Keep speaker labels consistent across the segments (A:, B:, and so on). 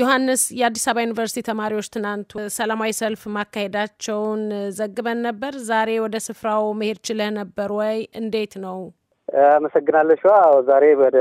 A: ዮሐንስ፣ የአዲስ አበባ ዩኒቨርሲቲ ተማሪዎች ትናንት ሰላማዊ ሰልፍ ማካሄዳቸውን ዘግበን ነበር። ዛሬ ወደ ስፍራው መሄድ ችለህ ነበር ወይ? እንዴት ነው?
B: አመሰግናለሁ። ዛሬ ወደ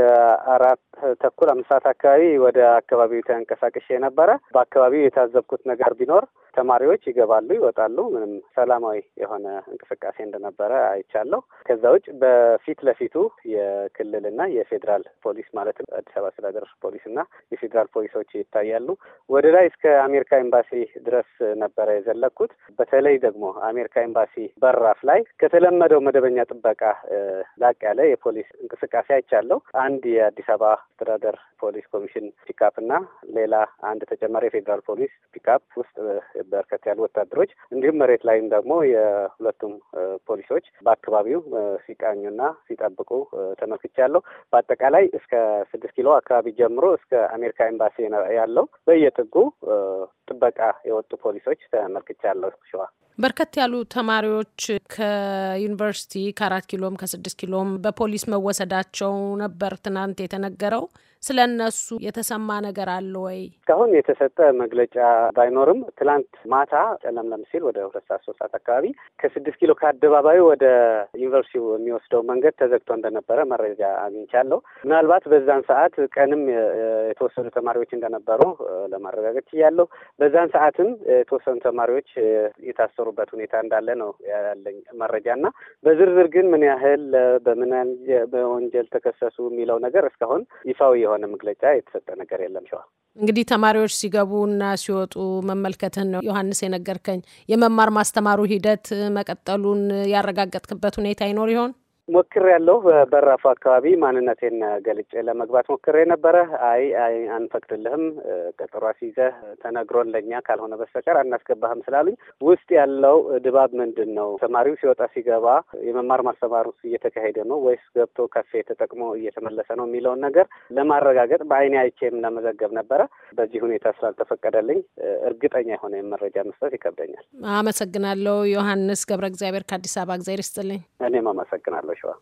B: አራት ተኩል አምስት ሰዓት አካባቢ ወደ አካባቢው ተንቀሳቅሼ የነበረ በአካባቢው የታዘብኩት ነገር ቢኖር ተማሪዎች ይገባሉ፣ ይወጣሉ። ምንም ሰላማዊ የሆነ እንቅስቃሴ እንደነበረ አይቻለሁ። ከዛ ውጭ በፊት ለፊቱ የክልልና የፌዴራል ፖሊስ ማለትም አዲስ አበባ አስተዳደር ፖሊስና የፌዴራል ፖሊሶች ይታያሉ። ወደ ላይ እስከ አሜሪካ ኤምባሲ ድረስ ነበረ የዘለኩት። በተለይ ደግሞ አሜሪካ ኤምባሲ በራፍ ላይ ከተለመደው መደበኛ ጥበቃ ላቅ ያለ ያለ የፖሊስ እንቅስቃሴ አይቻለሁ። አንድ የአዲስ አበባ አስተዳደር ፖሊስ ኮሚሽን ፒካፕ እና ሌላ አንድ ተጨማሪ የፌዴራል ፖሊስ ፒካፕ ውስጥ በርከት ያሉ ወታደሮች እንዲሁም መሬት ላይም ደግሞ የሁለቱም ፖሊሶች በአካባቢው ሲቃኙና ሲጠብቁ ተመልክቻለሁ። በአጠቃላይ እስከ ስድስት ኪሎ አካባቢ ጀምሮ እስከ አሜሪካ ኤምባሲ ያለው በየጥጉ ጥበቃ የወጡ ፖሊሶች ተመልክቻለሁ። ሸዋ
A: በርከት ያሉ ተማሪዎች ከዩኒቨርሲቲ ከአራት ኪሎም ከስድስት ኪሎም በፖሊስ መወሰዳቸው ነበር ትናንት የተነገረው። ስለ እነሱ የተሰማ ነገር አለ ወይ?
B: እስካሁን የተሰጠ መግለጫ ባይኖርም ትላንት ማታ ጨለምለም ሲል ወደ ሁለት ሰዓት ሶስት ሰዓት አካባቢ ከስድስት ኪሎ ከአደባባዩ ወደ ዩኒቨርሲቲው የሚወስደው መንገድ ተዘግቶ እንደነበረ መረጃ አግኝቻለሁ። ምናልባት በዛን ሰዓት ቀንም የተወሰኑ ተማሪዎች እንደነበሩ ለማረጋገጥ ችያለሁ። በዛን ሰዓትም የተወሰኑ ተማሪዎች የታሰሩበት ሁኔታ እንዳለ ነው ያለኝ መረጃ እና በዝርዝር ግን ምን ያህል በምን በወንጀል ተከሰሱ የሚለው ነገር እስካሁን ይፋው የሆነ መግለጫ የተሰጠ ነገር የለም። ሸዋ
A: እንግዲህ ተማሪዎች ሲገቡና ሲወጡ መመልከትን ነው ዮሐንስ የነገርከኝ። የመማር ማስተማሩ ሂደት መቀጠሉን ያረጋገጥክበት ሁኔታ ይኖር ይሆን?
B: ሞክሬ ያለው በበራፉ አካባቢ ማንነቴን ገልጬ ለመግባት ሞክሬ ነበረ። አይ አይ አንፈቅድልህም፣ ቀጠሮ አስይዘህ ተነግሮን ለእኛ ካልሆነ በስተቀር አናስገባህም ስላሉኝ ውስጥ ያለው ድባብ ምንድን ነው? ተማሪው ሲወጣ ሲገባ የመማር ማስተማሩ እየተካሄደ ነው ወይስ ገብቶ ካፌ ተጠቅሞ እየተመለሰ ነው የሚለውን ነገር ለማረጋገጥ በአይኔ አይቼም ለመዘገብ ነበረ። በዚህ ሁኔታ ስላልተፈቀደልኝ እርግጠኛ የሆነ መረጃ መስጠት ይከብደኛል።
A: አመሰግናለሁ። ዮሐንስ ገብረ እግዚአብሔር ከአዲስ አበባ። እግዚአብሔር ይስጥልኝ።
B: እኔም አመሰግናለሁ። Joshua